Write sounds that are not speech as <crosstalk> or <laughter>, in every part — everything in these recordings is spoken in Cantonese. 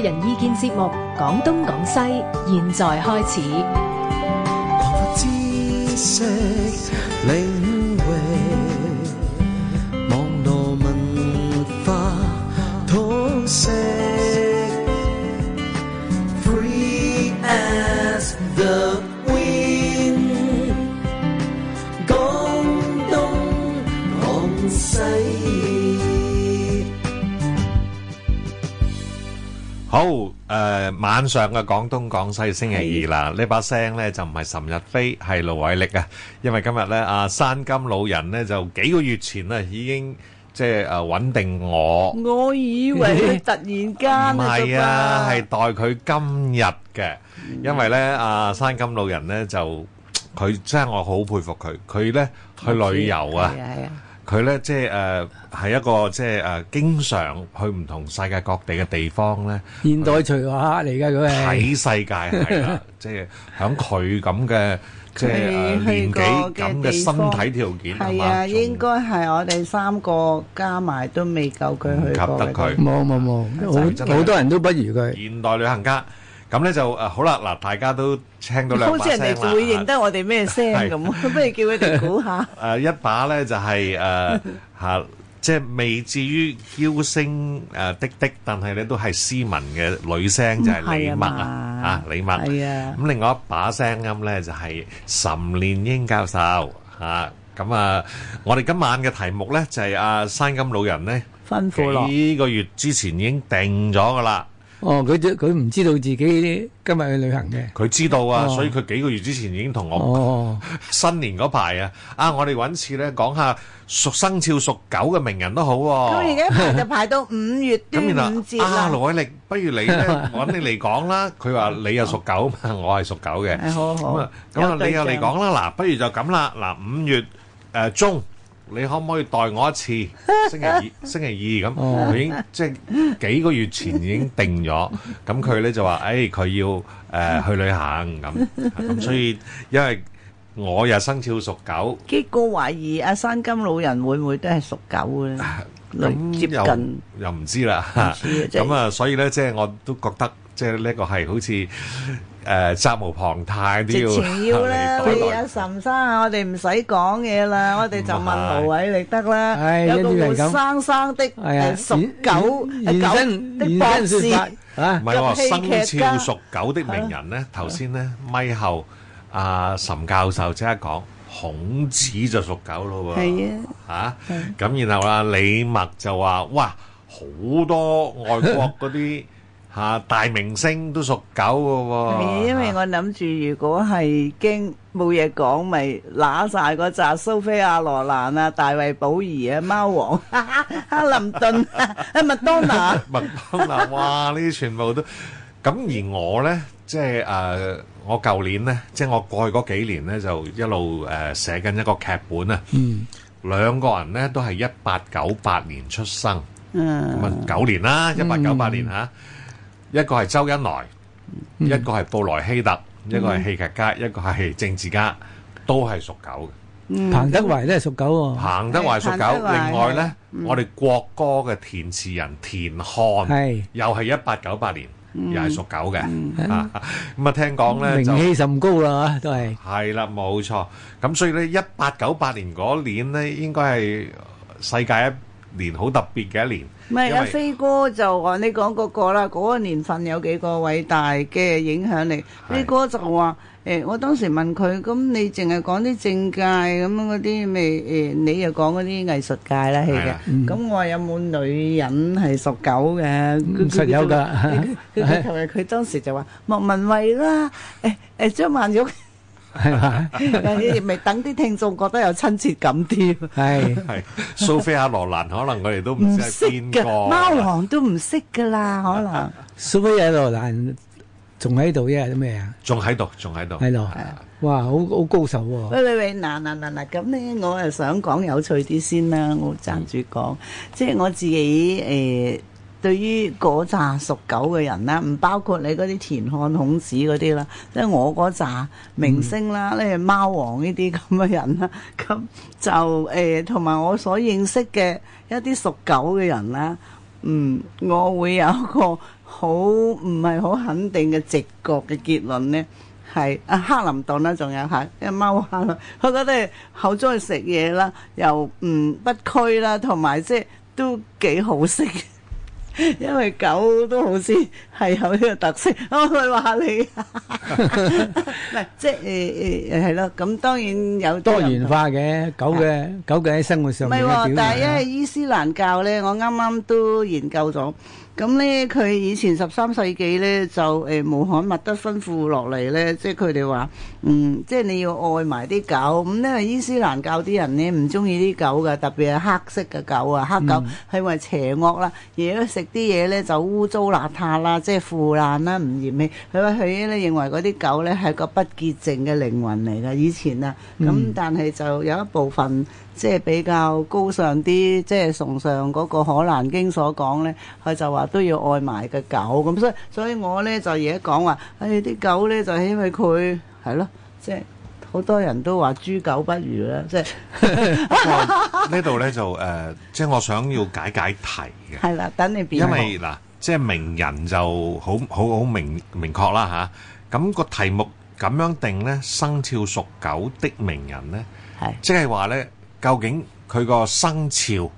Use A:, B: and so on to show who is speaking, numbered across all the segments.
A: 個人意見節目
B: 《講東講西》，現在開始。 <music>
A: 晚上嘅廣東廣西星期二啦，呢把聲咧就唔係岑逸飛，係盧偉力啊。因為今日咧，阿山金老人咧就幾個月前啊已經即係誒穩定我。
C: 我以為佢突然間唔係啊，係
A: 代佢今日嘅，因為咧阿山金老人咧就佢真係我好佩服佢，佢咧去旅遊啊。佢咧即係誒係一個即係誒經常去唔同世界各地嘅地方咧。
B: 現代隨畫嚟㗎佢。睇
A: 世界係啦，即係響佢咁嘅即係年紀咁嘅身體條件係啊，
C: 應該係我哋三個加埋都未夠佢去。唔及得佢，
B: 冇冇冇，
C: 好
A: 好多人都不如佢。現代旅行家。咁咧就誒好啦，嗱大家都聽到兩把聲，好似人哋就會認得
C: 我哋咩聲咁，不如叫佢哋估下。
A: 誒一把咧就係誒嚇，即係未至於嬌聲誒滴滴，但係咧都係斯文嘅女聲，就係李默啊，李默。咁另外一把聲音咧就係岑練英教授嚇。咁啊，我哋今晚嘅題目咧就係阿山金老人咧吩咐落幾個月之前已經定咗噶啦。
B: 哦，佢佢唔知道自己今日去旅行嘅。佢
A: 知道啊，所以佢幾個月之前已經同我講，新年嗰排啊，啊，我哋搵次咧講下屬生肖屬狗嘅名人都好。咁而家排就
C: 排到五月端午節啦。啊，盧
A: 偉力，不如你咧搵你嚟講啦。佢話你又屬狗啊嘛，我係屬狗嘅。好好好。咁啊，咁啊，你又嚟講啦。嗱，不如就咁啦。嗱，五月誒中。你可唔可以代我一次？星期二，星期二咁，佢 <laughs> 已經即係幾個月前已經定咗。咁佢咧就話：誒、欸，佢要誒、呃、去旅行咁。
C: 咁所以，
A: 因為我又生肖屬狗，
C: 結果懷疑阿山金老人會唔會都係屬狗咧？接近
A: 又唔知啦。咁啊，所以咧，即係我都覺得，即係呢、呢個係好似。誒責無旁貸都要。我
C: 哋阿岑生，我哋唔使講嘢啦，我哋就問盧偉力得啦。有個無生生的屬狗，狗的博士級戲劇家。唔係話，生肖屬
A: 狗的名人咧，頭先咧，咪後阿岑教授即刻講孔子就屬狗咯喎。係啊。嚇。係。咁然後阿李默就話：哇，好多外國嗰啲。嚇！大明星都屬狗個喎，係因
C: 為我諗住，如果係驚冇嘢講，咪揦曬嗰紮蘇菲亞羅蘭啊、大衛寶兒啊、貓王哈林頓啊、麥當娜。
A: 麥當娜哇！呢啲全部都。咁而我咧，即係誒，我舊年咧，即係我過去嗰幾年咧，就一路誒寫緊一個劇本啊。嗯，兩個人咧都係一八九八年出生。嗯，咁啊九年啦，一八九八年嚇。一個係周恩來，一個係布萊希特，一個係戲劇家，一個係政治家，都係屬狗嘅。
B: 彭德懷咧係屬狗喎，彭德懷屬狗。另外咧，我哋
A: 國歌嘅填詞人田漢，係又係一八九八年，又係屬狗嘅。啊，咁啊聽講咧，名氣
B: 甚高啦，都係
A: 係啦，冇錯。咁所以咧，一八九八年嗰年咧，應該係世界一年好特別嘅一年。唔係阿飛
C: 哥就話你講個個啦，嗰個年份有幾個偉大嘅影響力？飛哥就話誒，我當時問佢，咁你淨係講啲政界咁樣嗰啲咪誒？你又講嗰啲藝術界啦，係嘅。咁我話有冇女人係屬狗嘅？實有㗎。佢佢頭日佢當時就話莫文蔚啦，誒誒，張曼玉。係嘛？你哋咪等啲聽眾覺得有親切感啲。係係，
A: 蘇菲亞羅蘭可能我哋
B: 都唔識嘅，貓
C: 王都唔識噶啦。可能
B: 蘇菲亞羅蘭仲喺度，一日啲咩啊？仲喺度，
C: 仲喺度。係啊，哇，
B: 好好高手喎！喂
C: 喂喂，嗱嗱嗱嗱，咁呢我啊想講有趣啲先啦，我暫住講，即係我自己誒。對於嗰紮屬狗嘅人啦，唔包括你嗰啲田漢、孔子嗰啲啦，即係我嗰紮明星啦，咧貓、嗯、王呢啲咁嘅人啦，咁就誒同埋我所認識嘅一啲屬狗嘅人啦，嗯，我會有一個好唔係好肯定嘅直覺嘅結論咧，係阿克林頓啦，仲有嚇，因為貓王啦，佢覺得好中意食嘢啦，又唔不拘啦，同、嗯、埋即係都幾好食。因為狗都好似係有呢個特色，我唔係話你，唔係即係誒誒係咯，咁當然有多元
B: 化嘅狗嘅狗嘅喺生活上面嘅表現。唔係，但係因為
C: 伊斯蘭教咧，我啱啱都研究咗。咁呢，佢以前十三世紀咧就誒穆罕默德吩咐落嚟咧，即係佢哋話，嗯，即係你要愛埋啲狗。咁咧，伊斯蘭教啲人咧唔中意啲狗㗎，特別係黑色嘅狗啊，黑狗係咪、嗯、邪惡啦？而食啲嘢咧就污糟邋遢啦，即係腐爛啦，唔嫌棄佢話佢咧認為嗰啲狗咧係個不潔淨嘅靈魂嚟㗎。以前啊，咁但係就有一部分。即係比較高尚啲，即係崇尚嗰個《可蘭經》所講咧，佢就話都要愛埋個狗咁，所以所以我咧就而家講話，誒啲狗咧就係因為佢係咯，即係好多人都話豬狗不如啦，即
A: 係呢度咧就誒，即係我想要解解題嘅。係啦，
C: 等你變。因為
A: 嗱，即係名人就好好好明明確啦嚇。咁個題目咁樣定咧，生肖屬狗的名人咧，係，即係話咧，究竟佢、啊，這個生肖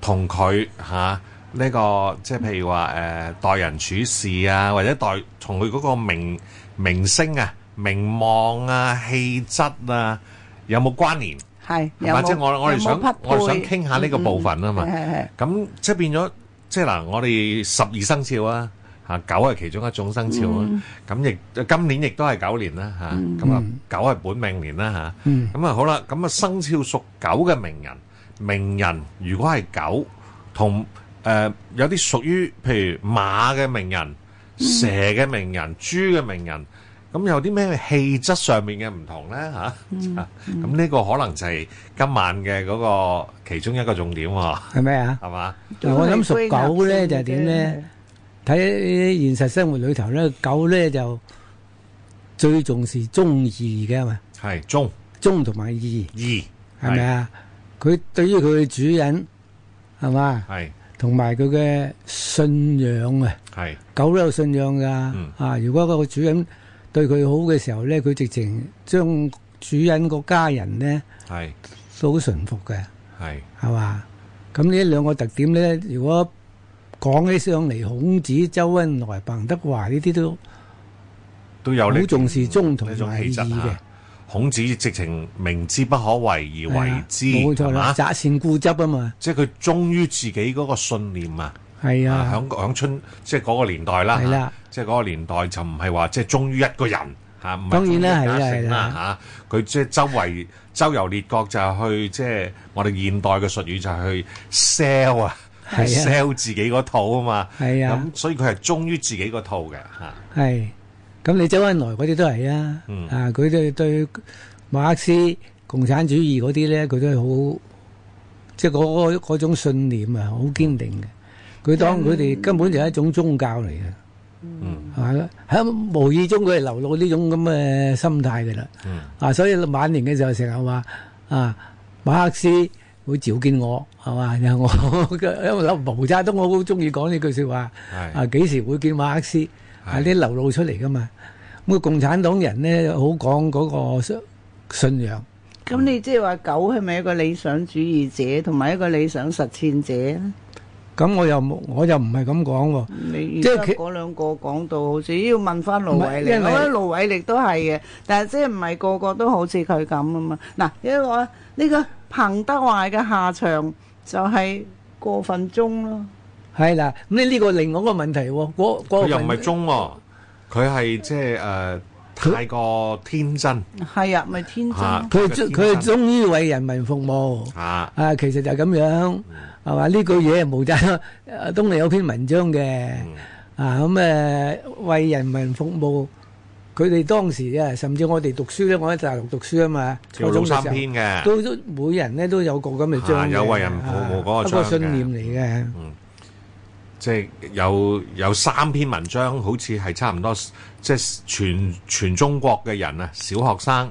A: 同佢嚇呢個即係譬如話誒待人處事啊，或者待從佢嗰個名名聲啊、名望啊、氣質啊，有冇關聯？
C: 係，或者吧我有有我哋想我想傾下呢個部分啊嘛。係係、嗯，
A: 咁吧即係變咗即係嗱、呃，我哋十二生肖啊。啊，狗係其中一種生肖啊，咁亦今年亦都係狗年啦，嚇，咁啊狗係本命年啦，嚇，咁啊好啦，咁啊生肖屬狗嘅名人，名人如果係狗同誒有啲屬於譬如馬嘅名人、蛇嘅名人、豬嘅名人，咁有啲咩氣質上面嘅唔同咧嚇？咁呢個可能就係今晚嘅嗰個其中一個重點喎。係咩啊？係
B: 嘛？我諗屬狗咧就係點咧？睇現實生活裏頭咧，狗咧就最重視忠義嘅，係咪？係忠，忠同埋義，義係咪啊？佢吧是對於佢嘅主人係嘛？係同埋佢嘅信仰啊！係是狗都有信仰噶，嗯、啊！如果個主人對佢好嘅時候咧，佢直情將主人個家人咧，係都好順服嘅，係係嘛？咁呢兩個特點咧，如果講起上嚟，孔子、周恩來、彭德懷呢啲都
A: 都有好重視忠同義嘅。孔子直情明知不可為而為之，冇錯啦，係、啊、吧嘛？擇
B: 善固執啊嘛。
A: 即係佢忠於自己嗰個信念啊。
B: 係啊，響
A: 響、啊、春，即係嗰個年代啦、啊。係啦、啊，即係嗰個年代就唔係話即係忠於一個人吓。啊、人當然啦，係啦、啊，係啦、啊，吓、啊。佢即係周圍周遊列國就係去，即係我哋現代嘅術語就係去 sell 啊。係 sell 自己個套啊嘛，啊，咁所以佢係忠於自己個套嘅吓。
B: 係，咁你周恩來嗰啲都係啊，嗯、啊佢哋，對，對馬克思共產主義嗰啲咧，佢都係好，即係嗰嗰種信念啊，好堅定嘅。佢當佢哋根本就係一種宗教嚟嘅，係咯、嗯。喺、啊、無意中佢係流露呢種咁嘅心態噶啦。嗯、啊，所以晚年嘅時候成日話啊，馬克思。會召見我係嘛？然後 <laughs> 因為我因為諗毛澤東，我好中意講呢句説話，的啊，幾時會見馬克思係啲流露出嚟㗎嘛？咁個共產黨人咧，好講嗰個信信仰。
C: 咁、嗯、你即係話，狗係咪一個理想主義者同埋一個理想實踐者咧？咁我又冇，我又唔係咁講喎。即係嗰兩個講到好似要問翻盧偉力。我覺得盧偉力都係嘅，但係即係唔係個個都好似佢咁啊嘛。嗱，因為我呢個彭德懷嘅下場就係過分忠咯。係啦，
B: 咁你呢個另外一個問題喎，嗰嗰個問題。佢又唔係忠喎，佢係即係誒。太過天真，
C: 係啊，咪天真。佢佢終
B: 於為人民服務。啊，啊，其實就咁樣，係嘛？呢句嘢毛澤東，誒，都係有篇文章嘅。啊，咁誒，為人民服務。佢哋當時啊，甚至我哋讀書咧，我喺大陸讀書啊嘛，老三篇嘅，都都每人咧都有個咁嘅章嘅。有為人民服務嗰個章嘅，一個信念嚟嘅。
A: 即係有有三篇文章，好似係差唔多，即係全全中國嘅人啊，小學生。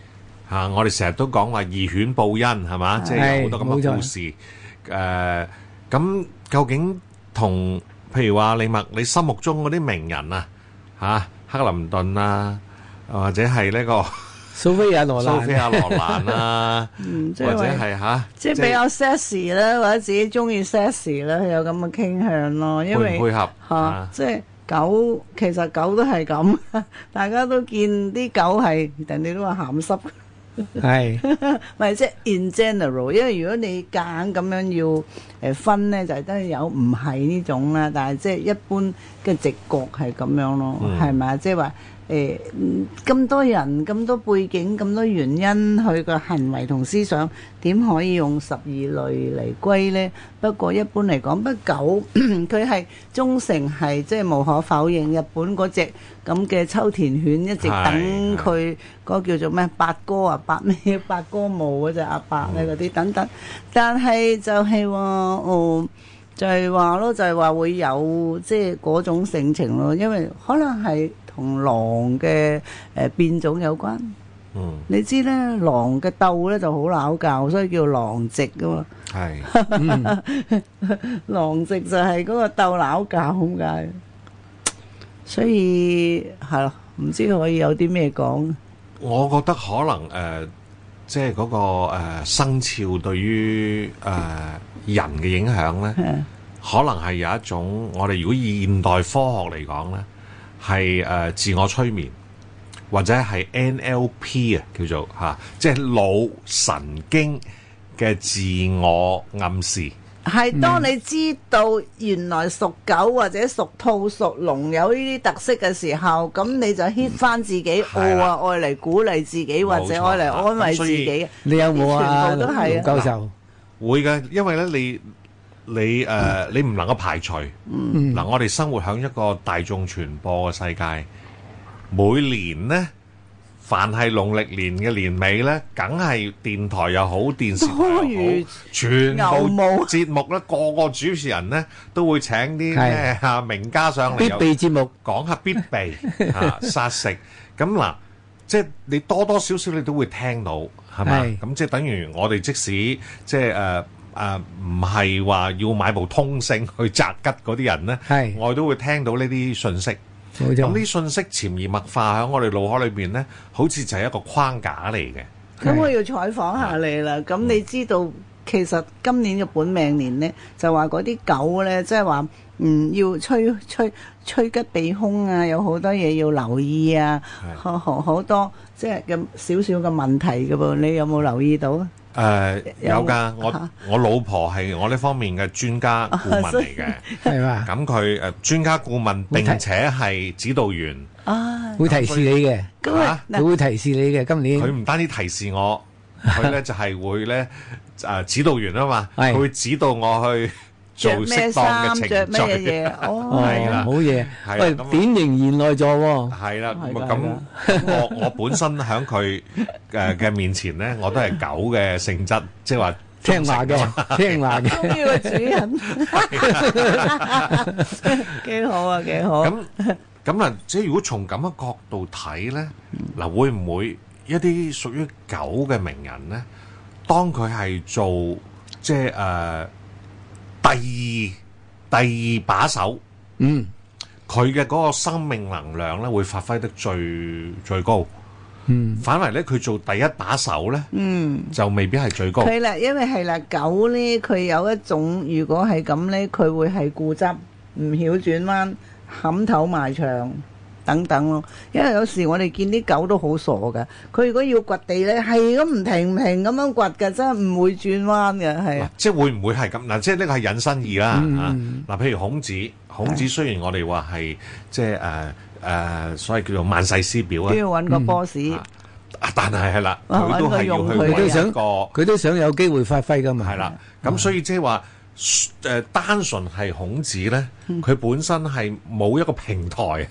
A: 啊！我哋成日都講話義犬報恩係嘛，即係有好多咁嘅故事。誒咁究竟同譬如話李默，你心目中嗰啲名人啊，嚇克林頓啦，或者係呢個蘇菲亞羅蘭、蘇菲亞羅蘭啦，
C: 或者係嚇即係比較 sexy 咧，或者自己中意 sexy 咧，佢有咁嘅傾向咯。配唔配合嚇？即係狗其實狗都係咁，大家都見啲狗係人哋都話鹹濕。係，唔係即係 in general，因為如果你硬咁樣要誒、呃、分咧，就係得有唔係呢種啦。但係即係一般嘅直覺係咁樣咯，係咪、mm.，即係話。誒，咁多人咁多背景咁多原因，佢個行為同思想點可以用十二類嚟歸呢？不過一般嚟講，不久佢係忠誠係即係無可否認。日本嗰隻咁嘅秋田犬一直等佢嗰個叫做咩八哥啊，八咩八哥毛嗰隻阿伯咧嗰啲等等，但係就係話哦，就係話咯，就係話會有即係嗰種性情咯，因為可能係。同狼嘅誒變種有關，嗯，你知咧狼嘅斗咧就好拗教，所以叫狼藉噶嘛，係，狼藉就係嗰個斗拗教咁解，所以係咯，唔知可以有啲咩講？
A: 我覺得可能誒，即係嗰個誒生肖對於誒人嘅影響咧，可能係有一種我哋如果以現代科學嚟講咧。係誒、呃、自我催眠，或者係 NLP 啊，叫做嚇，即係腦神經嘅自我暗示。
C: 係當你知道原來屬狗或者屬兔、屬龍有呢啲特色嘅時候，咁你就 hit 翻自己，愛啊愛嚟鼓勵自己，或者愛嚟安慰自己，
B: 啊、你有冇啊？都係啊、教授，啊
A: 啊、會嘅，因為咧你。你誒你唔能夠排除嗱，我哋生活喺一個大眾傳播嘅世界，每年咧，凡係農曆年嘅年尾咧，梗係電台又好電視台
C: 又好，
A: 全部冇節目咧，個個主持人咧都會請啲咩啊名家上嚟，必備節目講下必備啊殺食，咁嗱，即係你多多少少你都會聽到係咪？咁即係等於我哋即使即係誒。啊，唔係話要買部通勝去擇吉嗰啲人咧，是我都會聽到呢啲信息。咁啲錯信息潛移默化喺我哋腦海裏邊咧，好似就係一個框架嚟嘅。
C: 咁我要採訪下你啦。咁是你知道，是其實今年嘅本命年咧，就話嗰啲狗咧，即係話，唔、嗯、要吹吹吹，吹吉避凶啊，有好多嘢要留意啊，好好是多即係嘅少少嘅問題㗎噃。你有冇留意到啊？
A: 誒，有噶，我我老婆係我呢方面嘅專家顧問嚟
C: 嘅，
B: 係嘛 <laughs>
A: 嗎？咁佢誒，專、呃、家顧問並且係指導員，
B: 啊， <laughs> 會提示你
A: 嘅，吓，佢會提
B: 示你嘅、啊。今年佢唔
A: 單止提示我，佢咧就係、是、會咧誒、呃，指導員啊嘛，佢會指導我去。 <laughs> 做咩嘅情上咩嘢哦，係啦好嘢，喂，
B: 典型賢內助喎。
A: 係啦，咁我我本身喺佢誒嘅面前咧，我都係狗嘅性質，即係話聽話嘅，聽話
B: 嘅，忠於個主
C: 人，幾好啊，幾好。咁
A: 咁啊，即係如果從咁嘅角度睇咧，嗱會唔會一啲屬於狗嘅名人咧？當佢係做即係誒？第二第二把手，
C: 嗯，
A: 佢嘅嗰個生命能量呢，會發揮得最最高，嗯，反為呢佢做第一把手呢，嗯，就未必係最高。係啦，
C: 因為係啦，狗呢佢有一種，如果係咁呢，佢會係固執，唔曉轉彎，冚頭埋牆。等等咯，因為有時我哋見啲狗都好傻嘅。佢如果要掘地咧，係咁唔停唔停咁樣掘嘅，真係唔會轉彎嘅，係
A: 啊。即係會唔會係咁嗱？即係呢個係引申義啦。嗱，譬如孔子，孔子雖然我哋話係即係誒誒，所謂叫做萬世師表啊。都要
C: 揾個 boss，
A: 但係係啦，佢都係用佢都想，
B: 佢都想有機會發揮噶嘛。係啦，
A: 咁所以即係話誒，單純係孔子咧，佢本身係冇一個平台。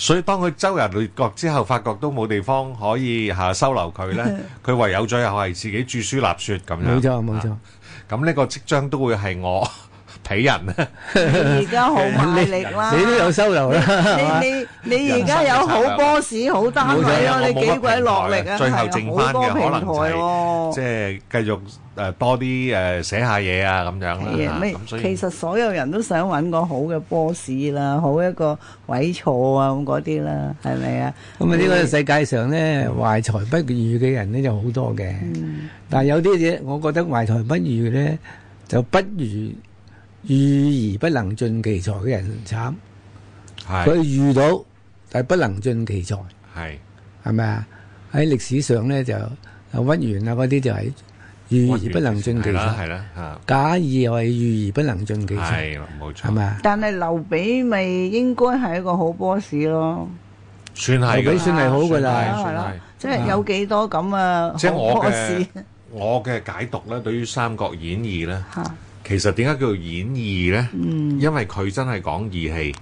A: 所以當佢周遊列國之後，發覺都冇地方可以嚇收留佢咧，佢 <laughs> 唯有最後係自己著書立説咁樣。冇錯，冇錯、啊、冇錯。咁呢個即將都會係我。 <laughs> 睇人啦，你而家好賣力啦，你都有收入啦。你
C: 你你而家有好 boss 好單位咯，你幾鬼落力啊？最後剩翻嘅可能就係
A: 即係繼續誒多啲誒寫下嘢啊咁樣啦。咁所以其
C: 實所有人都想揾個好嘅 boss 啦，好一個位坐啊咁嗰啲啦，係咪啊？咁啊呢個世界
B: 上咧，懷才不遇嘅人咧就好多嘅。但係有啲嘢，我覺得懷才不遇咧就不如。遇而不能盡其才嘅人慘，
A: 佢
B: 遇到但係不能盡其才，係係咪啊？喺歷史上咧就屈原啊嗰啲就係遇而不能盡其才，係啦係
C: 啦吓。
B: 賈誼又係遇而不能盡其才，係冇錯啊！
C: 但係劉備咪應該係一個好 boss 咯，
B: 算係，劉備算係好噶啦，
C: 係啦，即係有幾多咁啊？即係我嘅
A: 我嘅解讀咧，對於三國演義咧。其實點解叫做演義呢？因為佢真係講義氣，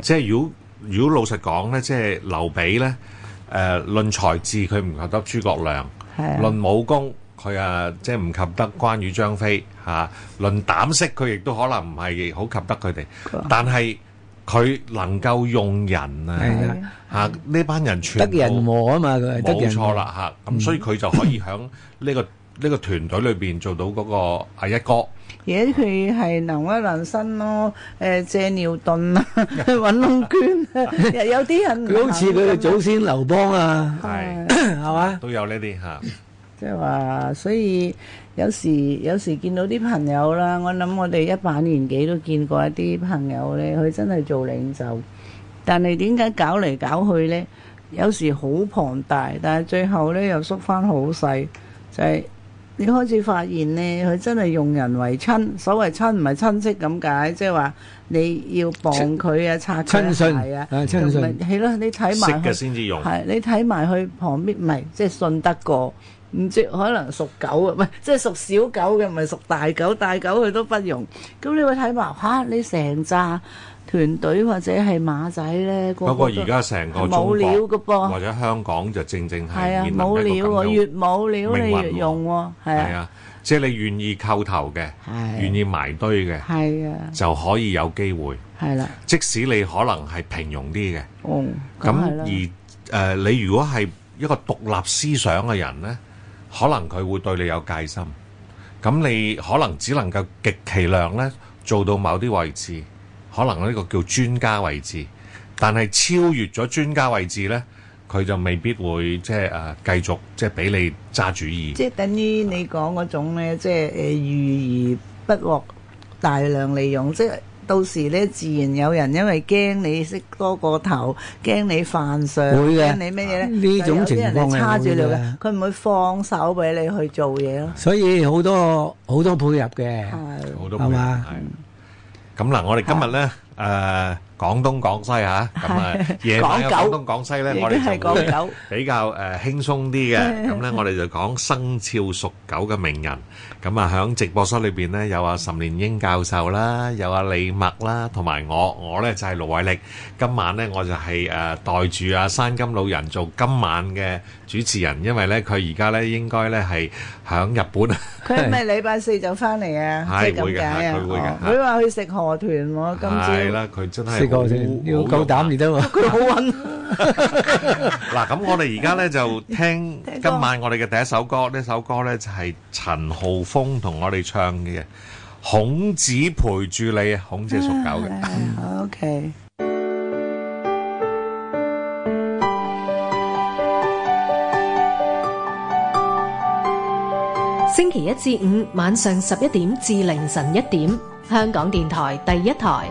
A: 即係如果如果老實講呢，即係劉備呢，誒，論才智佢唔及得諸葛亮，論武功佢啊，即係唔及得關羽張飛吓。論膽識佢亦都可能唔係好及得佢哋，但係佢能夠用人啊，吓，呢班人全得人
B: 和啊嘛，冇錯啦
A: 吓咁，所以佢就可以喺呢個呢個團隊裏邊做到嗰個阿一哥。
C: 嘢佢係能屈能伸咯，誒借尿遁啊，揾窿捐啊，又有啲人佢好似佢哋祖先劉邦啊，係嚇嘛，都有呢啲嚇，即係話，所以有時有時見到啲朋友啦，我諗我哋一把年紀都見過一啲朋友咧，佢真係做領袖，但係點解搞嚟搞去咧？有時好龐大，但係最後咧又縮翻好細，就係。你開始發現咧，佢真係用人為親，所謂親唔係親戚咁解，即係話你要幫佢啊，拆佢鞋啊，係咯、啊，你睇埋識得先至用，係你睇埋佢旁邊，唔係即係信得過，唔知可能屬狗啊，唔係即係屬小狗嘅，唔係屬大狗，大狗佢都不用。咁你會睇埋吓，你成拃團隊或者係馬仔咧，不過而家成個中國或
A: 者香港就正正係冇料㗎噃，越冇料越冇料你越用
C: 喎，係啊，
A: 即係你願意叩頭嘅，願意埋堆嘅，係啊，就可以有機會
C: 係
B: 啦。
A: 即使你可能係平庸啲嘅，哦咁而誒，你如果係一個獨立思想嘅人咧，可能佢會對你有戒心。咁你可能只能夠極其量咧做到某啲位置。可能呢個叫專家位置，但係超越咗專家位置咧，佢就未必會即係誒繼續即係俾你揸主意。即
C: 係等於你講嗰種咧，即係誒遇而不獲大量利用，即係到時咧自然有人因為驚你識多個頭，驚你犯上，驚的你咩嘢咧？呢種情況係人係叉住你嘅，佢唔會，的會放手俾你去做嘢咯。
B: 所以好多好多配入嘅，係好多配入啊。
A: 咁嗱，我哋今日咧，誒、啊。呃廣東廣西吓，咁啊夜晚嘅廣東廣西咧，我哋就比較誒輕鬆啲嘅，咁咧我哋就講生肖屬狗嘅名人。咁啊喺直播室裏邊咧，有阿岑練英教授啦，有阿李默啦，同埋我，我咧就係盧偉力。今晚咧我就係誒代住阿山金老人做今晚嘅主持人，因為咧佢而家咧應該咧係響日本。佢係咪
C: 禮拜四就翻嚟啊？係會嘅，佢會嘅。佢話去食河豚喎，今朝。係
B: 啦，佢真係。夠膽而得嘛？佢好穩。嗱，咁我哋而
A: 家咧就聽今晚我哋嘅第一首歌。呢首歌咧就係陳浩峰同我哋唱嘅《孔子陪住你》。孔子係屬狗嘅。
C: O K。星期一至五晚上十一點至凌晨一點，香港電台第一台。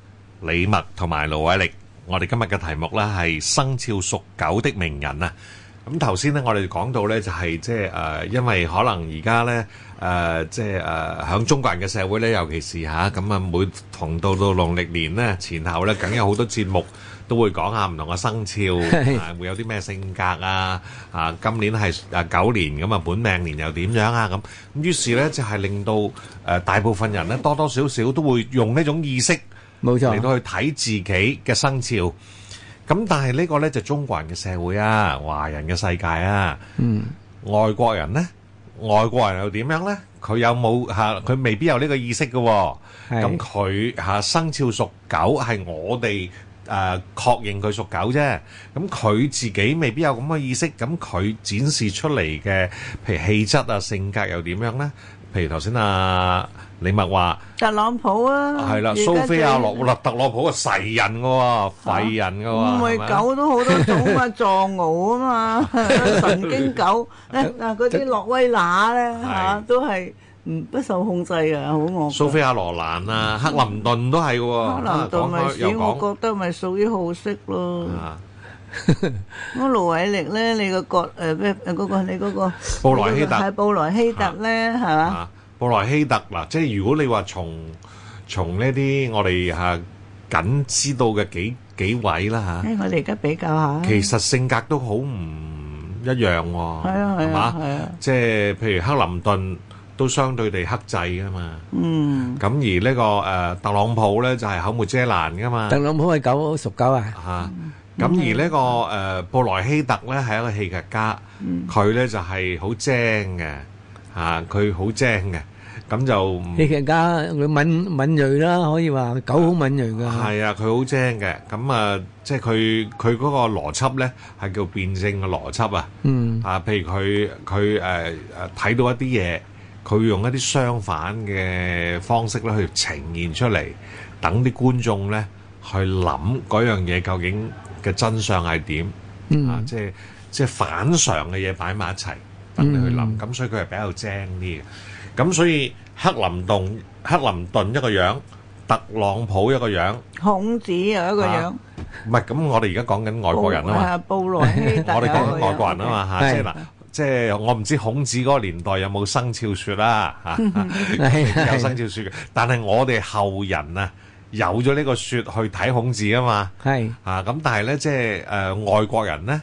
A: 李默同埋盧偉力，我哋今日嘅題目咧係生肖屬狗的名人啊。咁頭先咧，我哋講到咧就係即係誒，因為可能而家咧誒，即係誒，喺中國人嘅社會咧，尤其是吓咁啊，每逢到到農曆年咧前後咧，梗有好多節目都會講下唔同嘅生肖，會有啲咩性格啊？啊，今年係誒九年咁啊，本命年又點樣啊？咁咁於是咧就係令到誒，大部分人咧多多少少都會用呢種意識。冇錯，嚟到去睇自己嘅生肖，咁但係呢個呢就中國人嘅社會啊，華人嘅世界啊，嗯，外國人呢，外國人又點樣呢？佢有冇吓？佢未必有呢個意識嘅，咁佢吓生肖屬狗係我哋誒確認佢屬狗啫，咁佢自己未必有咁嘅意識，咁佢展示出嚟嘅譬如氣質啊，性格又點樣呢？譬如頭先啊。你咪話
C: 特朗普啊，係啦，蘇菲亞洛娜
A: 特朗普啊，噬人嘅喎，廢人嘅喎，唔係狗都
C: 好多種啊，藏獒啊嘛，神經狗咧，嗱嗰啲洛威拿咧，嚇都係唔不受控制嘅，好惡？蘇
A: 菲亞羅蘭啊，克林頓都係喎。克林頓咪始，我
C: 覺得咪屬於好色咯。咁盧偉力咧，你個國誒咩誒嗰個你嗰個布萊希特，係布萊希特咧，係嘛？
A: 布萊希特嗱，即係如果你話從從呢啲我哋嚇僅知道嘅幾幾位啦嚇，誒我哋
C: 而家比較下，其
A: 實性格都好唔一樣喎，
C: 係啊係啊，係啊，
A: 即係譬如克林頓都相對地克制噶嘛，
C: 嗯，
A: 咁而呢個誒特朗普咧就係口沒遮攔噶嘛，特
B: 朗普係狗好熟狗啊，嚇，咁而呢
A: 個誒布萊希特咧係一個戲劇家，佢咧就係好精嘅，嚇佢好精嘅。咁就，
B: 戲劇家佢敏敏鋭啦，可以話狗好敏鋭噶。係
A: 啊，佢好精嘅。咁啊，即係佢佢嗰個邏輯咧，係叫辯證嘅邏輯啊。
B: 嗯。啊，
A: 譬如佢佢誒誒睇到一啲嘢，佢用一啲相反嘅方式咧去呈現出嚟，等啲觀眾咧去諗嗰樣嘢究竟嘅真相係點。嗯。啊，即係即係反常嘅嘢擺埋一齊，
B: 等你去諗。
A: 咁所以佢係比較精啲嘅。咁所以。克林頓、克林頓一個樣，特朗普一個樣，
C: 孔子又一個樣，
A: 唔係咁我哋而家講緊外國人啊嘛，係
C: 啊，布羅，我哋講緊外國人啊嘛嚇，即係嗱，
A: 即係我唔知孔子嗰個年代有冇生肖說啦嚇，有生肖說嘅，但係我哋後人啊有咗呢個說去睇孔子啊嘛，係啊咁，但係咧即係誒外國人咧。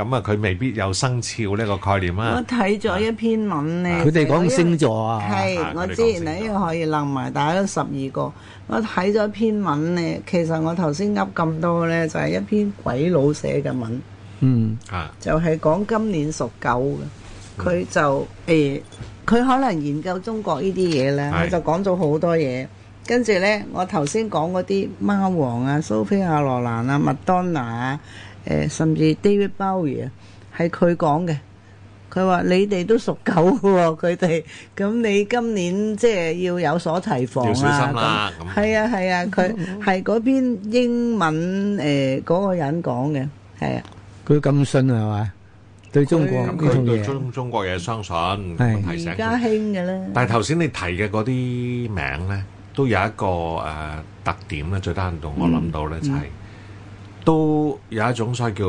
A: 咁啊，佢未必有生肖呢個概念啊！我
C: 睇咗一篇文咧，佢哋講星
B: 座啊，係，我之
C: 前，係呢個可以攬埋，大家都十二個。我睇咗一篇文咧，其實我頭先噏咁多咧，就係一篇鬼佬寫嘅文。嗯，啊，就係講今年屬狗嘅，佢就誒，佢可能研究中國呢啲嘢咧，佢就講咗好多嘢。跟住咧，我頭先講嗰啲貓王啊、蘇菲亞羅蘭啊、麥當娜啊。誒甚至 David Bowie 啊，係佢講嘅。佢話：你哋都屬狗嘅喎。佢哋咁你今年即係要有所提防小心啦。咁係啊係啊，佢係嗰邊英文誒嗰個人講嘅，係啊。
B: 佢咁信係嘛，對中國啲嘢。咁佢對中
A: 中國嘢相信。
B: 係而家
C: 興嘅咧。但係頭
A: 先你提嘅嗰啲名咧，都有一個誒特點咧，最低限度我諗到咧就係。都有一種所謂叫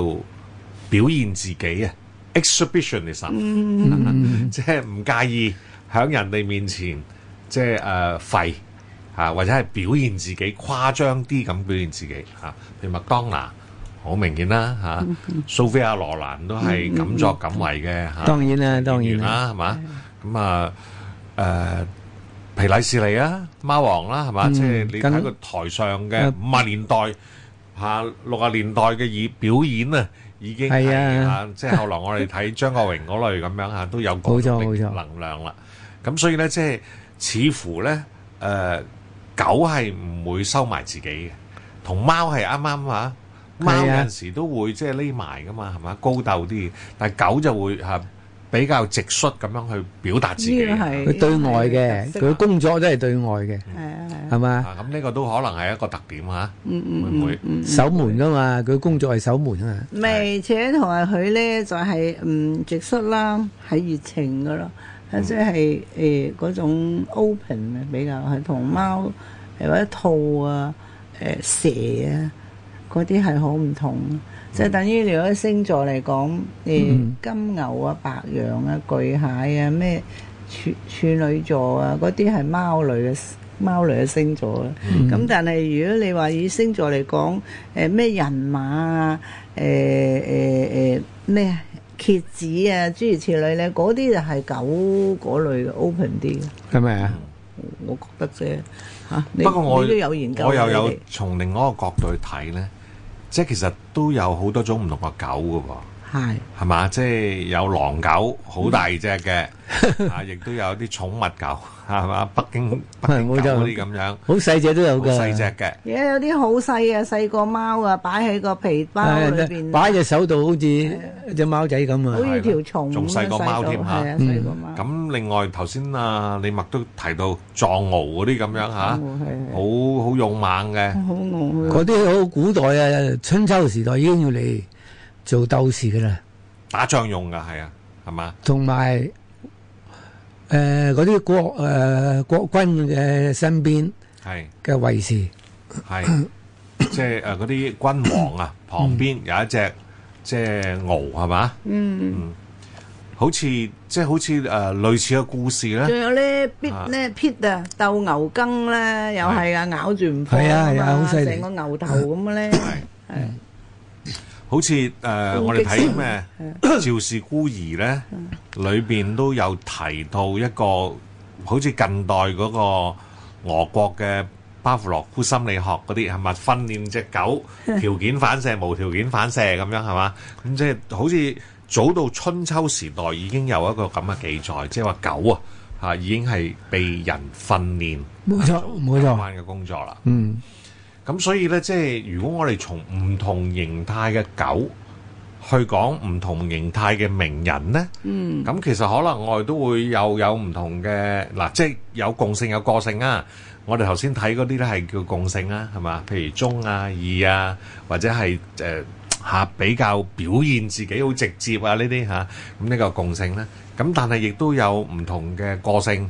A: 表現自己啊，exhibitionism，即係唔介意喺人哋面前，即係誒廢嚇，或者係表現自己，誇張啲咁表現自己嚇。譬如麥當娜，好明顯啦嚇，蘇菲亞羅蘭都係敢作敢為嘅嚇。當然
B: 啦，當然啦，係
A: 嘛？咁啊誒，皮禮士利啊，貓
B: 王啦，係嘛？即係你睇個
A: 台上嘅五十年代。嚇，六十年代嘅演表演啊，已經係啊，即係後來我哋睇張國榮嗰類咁樣嚇，都有強力能量啦。咁所以咧，即係似乎咧，誒狗係唔會收埋自己嘅，同貓係啱啱嚇，貓有陣時都會即係匿埋噶嘛，係咪高鬥啲，但係狗就會嚇。比較直率咁樣去表達自己，
B: 佢對外嘅，佢工作都係對外嘅，係啊係啊，係咪啊？
A: 咁呢個都可能係一個特
B: 點嚇，
C: 會唔會
B: 守門噶嘛？佢工作係守門啊
C: 嘛，而且同埋佢咧就係嗯直率啦，係熱情噶咯，即係誒嗰種 open 比較係同貓，誒或者兔啊、誒蛇啊嗰啲係好唔同。即係等於如果星座嚟講，誒、呃嗯、金牛啊、白羊啊、巨蟹啊、咩處處女座啊，嗰啲係貓類嘅貓類嘅星座啊。咁、嗯、但係如果你話以星座嚟講，誒、呃、咩人馬啊、誒誒誒咩蠍子啊，諸如此類咧，嗰啲就係狗嗰類嘅 open 啲嘅。係咪啊？我覺得啫。嚇、啊！不過我都有研究。我又有
A: 從另外一個角度去睇咧。即係其實都有好多種唔同嘅狗嘅
C: 喎。
A: 係嘛，即係有狼狗，好大隻嘅，啊，亦都有啲寵
B: 物狗，係嘛，北京狗嗰啲咁樣，好細隻都有嘅，而家
C: 有啲好細啊，細過貓啊，擺喺個皮包入面，
B: 擺喺隻手度，好似隻貓仔咁啊，好似條蟲，仲細過貓添吓。
A: 咁另外頭先啊，李默都提到藏獒嗰啲咁樣吓，好好勇猛嘅，
B: 嗰啲好古代啊，春秋時代已經要嚟做鬥士噶啦。
A: 打仗用噶係啊，係嘛？
B: 同埋，誒嗰啲國誒國軍嘅身邊係嘅衛士，
A: 係即係誒嗰啲君王啊旁邊有一隻即係牛係嘛？嗯嗯，好似即係好似誒類似嘅故事咧，仲有咧辟咧
C: 辟啊鬥牛㹴咧又係啊咬住唔放啊成個牛頭咁嘅咧係。
A: 好似誒，呃嗯、我哋睇咩《 <coughs> 趙氏孤兒呢》咧，裏邊都有提到一個，好似近代嗰個俄國嘅巴甫洛夫心理學嗰啲係咪訓練隻狗條件反射、無條件反射咁樣係嘛？咁即係好似早到春秋時代已經有一個咁嘅記載，即係話狗啊嚇、啊、已經係被人訓練
B: 冇錯，做某一方面嘅工作啦。嗯。
A: 咁所以咧，即係如果我哋從唔同形態嘅狗去講唔同形態嘅名人咧，咁、嗯、其實可能我哋都會有有唔同嘅嗱，即係有共性有個性啊。我哋頭先睇嗰啲咧係叫共性啊，係嘛？譬如忠啊義啊，或者係誒、呃、比較表現自己好直接啊呢啲嚇，咁呢、啊、個共性咧、啊。咁但係亦都有唔同嘅個性。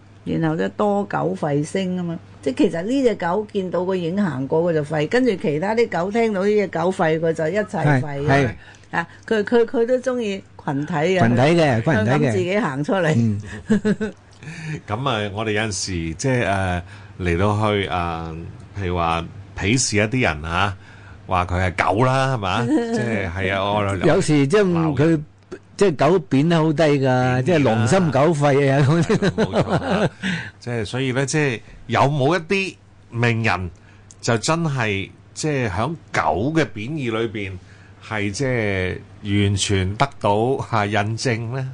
C: 然後咧多狗吠聲啊嘛！即係其實呢隻狗見到個影行過，佢就吠，跟住其他啲狗聽到呢隻狗吠，佢就一齊吠。係啊！佢佢佢都中意群體嘅羣體嘅羣體嘅，自己行出嚟。
A: 咁啊！我哋有陣時即係誒嚟到去啊，譬如話鄙視一啲人嚇，話佢係狗啦，係嘛？即係係啊！我有
B: 時即係佢。即係狗貶得好低噶，即係狼心狗肺啊！咁冇錯
A: 即係所以咧，即係有冇一啲名人就真係即係響狗嘅貶義裏邊係即係完全得到吓印證咧？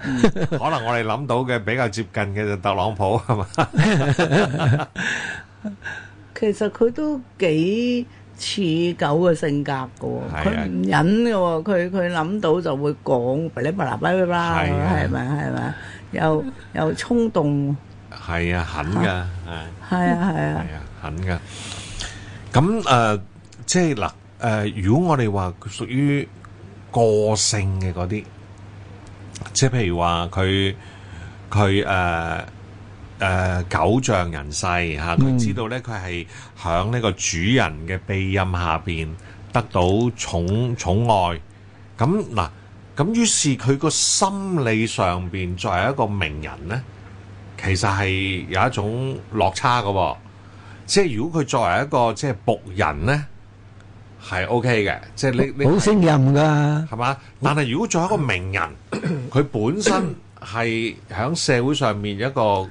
A: 可能我哋諗到嘅比較接近嘅就特朗普係嘛？
C: 其實佢都幾。似狗嘅性格嘅喎，佢唔、啊、忍嘅喎，佢佢諗到就會講，噼里啪啦，噼里啪啦，係咪，係咪？又 <laughs> 又衝動。係
A: 啊，狠嘅係。係啊，係啊。係啊，狠嘅。咁誒、呃，即係嗱誒，如果我哋話屬於個性嘅嗰啲，即係譬如話佢佢誒。誒狗仗人勢嚇，佢知道咧，佢係喺呢個主人嘅庇蔭下邊得到寵寵愛。咁嗱，咁於是佢個心理上邊作為一個名人咧，其實係有一種落差嘅。即係如果佢作為一個即係僕人咧，係 OK 嘅。即係你你好信
B: 任㗎，係嘛？
A: 但係如果作為一個名人，佢本身係喺社會上面一個。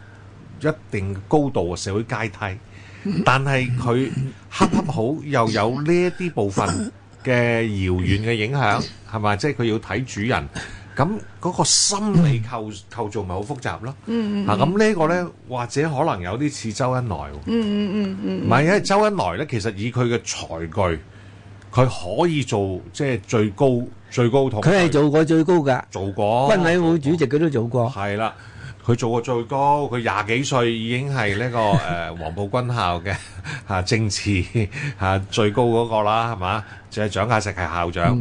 A: 一定高度嘅社會階梯，但係佢恰恰好又有呢一啲部分嘅遙遠嘅影響，係咪？即係佢要睇主人，咁嗰個心理構構造咪好複雜咯。啊咁呢個咧，或者可能有啲似周恩來。嗯嗯嗯嗯，
C: 唔係
A: 因為周恩來咧，其實以佢嘅才具，佢可以做即係最高最高統。佢係做過最高㗎，做過軍委會主席，佢都做過。係啦。佢做過最高，佢廿幾歲已經係呢個誒黃埔軍校嘅嚇政治嚇最高嗰個啦，係嘛？就係蔣介石係校長，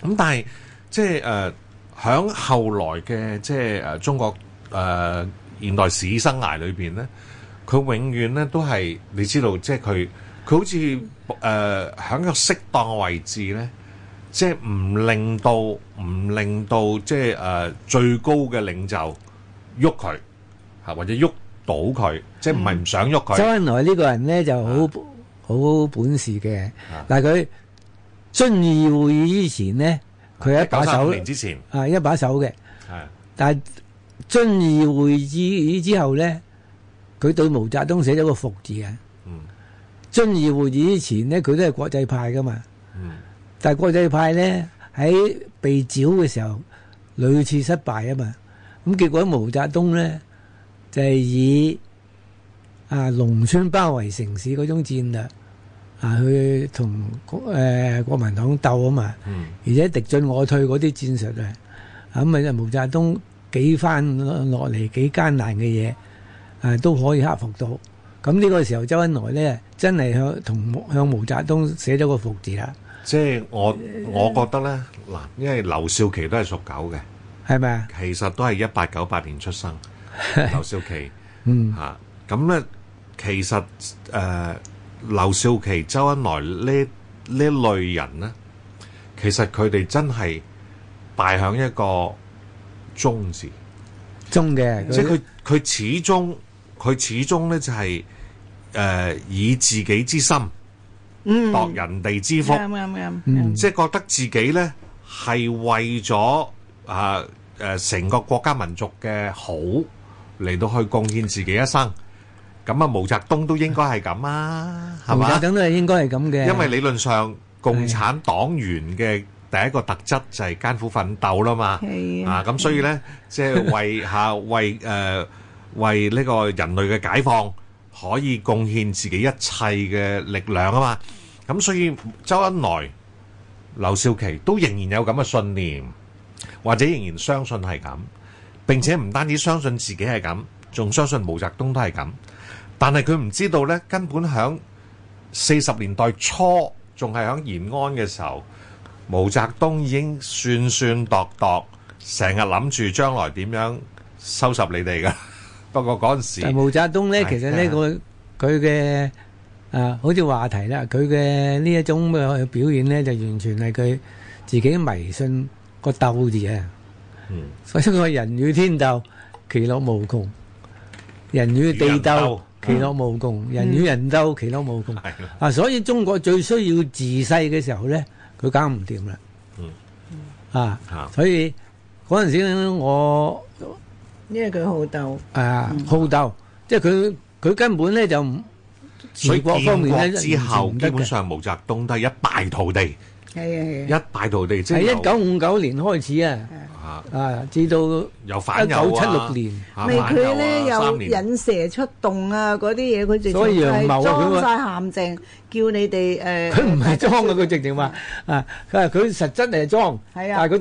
A: 咁，但係即係誒響後來嘅即係誒中國誒現代史生涯裏邊咧，佢永遠咧都係你知道，即係佢佢好似誒喺一個適當位置咧，即係唔令到唔令到即係誒最高嘅領袖。喐佢，嚇或者喐到佢，嗯、即係唔係唔想喐佢。周
B: 恩來呢個人咧就好好、啊、本事嘅，啊、但係佢遵義會議之前呢，佢、啊、係一把手。之前啊，一把手嘅。係、啊，但係遵義會議之後咧，佢對毛澤東寫咗個服字嘅。嗯。遵義會議之前呢，佢都係國際派噶嘛。嗯。但係國際派咧喺被剿嘅時候屢次失敗啊嘛。咁結果毛澤東咧就係、是、以啊農村包圍城市嗰種戰略啊去同誒國、呃、國民黨鬥啊嘛，嗯、而且敵進我退嗰啲戰術啊，咁啊，毛澤東幾番落嚟幾艱難嘅嘢啊都可以克服到。咁、啊、呢、這個時候周恩來咧真係向同向毛澤東寫咗個服字啦。
A: 即係我、呃、我覺得咧嗱，因為劉少奇都係屬狗嘅。係咪其實都係一八九八年出生，劉 <laughs> 少奇。 <laughs> 嗯，吓咁咧，其實誒，劉、呃、少奇、周恩來呢呢類人咧，其實佢哋真係大響一個宗旨。
B: 宗嘅，即係佢
A: 佢始終佢始終咧就係、是、誒、呃、以自己之心，
C: 度
A: 人哋之福，啱啱啱，即係覺得自己咧係為咗誒。呃誒成個國家民族嘅好嚟到去貢獻自己一生，咁啊，毛澤東都應該係咁啊，係嘛？毛澤東
B: 都係應該係咁嘅，因為理
A: 論上共產黨員嘅第一個特質就係艱苦奮鬥啦嘛，啊咁所以呢，即係為嚇為誒為呢個人類嘅解放可以貢獻自己一切嘅力量啊嘛，咁所以周恩來、劉少奇都仍然有咁嘅信念。或者仍然相信係咁，並且唔單止相信自己係咁，仲相信毛澤東都係咁。但係佢唔知道呢，根本響四十年代初，仲係響延安嘅時候，毛澤東已經算算度度度，成日諗住將來點樣收拾你哋嘅。不過嗰陣時，毛澤東呢，其實呢個
B: 佢嘅啊，好似話題啦，佢嘅呢一種嘅表演呢，就完全係佢自己迷信個鬥字啊，所以我話人與天鬥其樂無窮，人與地鬥其樂無窮，人與人鬥其樂無窮。啊，所以中國最需要自細嘅時候咧，佢搞唔掂啦。嗯，啊，所以嗰陣時咧，我因
C: 為佢好鬥，
B: 誒，好鬥，即係佢佢根本咧就唔。
C: 佢建國方面咧，之
B: 後，基本上毛
A: 澤東都係一敗塗地。
C: 係啊！係啊，一
A: 敗塗地，即係一九
B: 五九年開始啊，啊，啊，至到又反一九七六年，咪佢咧有引
C: 蛇出洞啊，啲嘢佢就所以陽謀啊，裝晒陷阱，叫你哋誒，佢唔係裝
B: 啊，佢直情話啊，佢係佢實質嚟裝，係但係佢直的。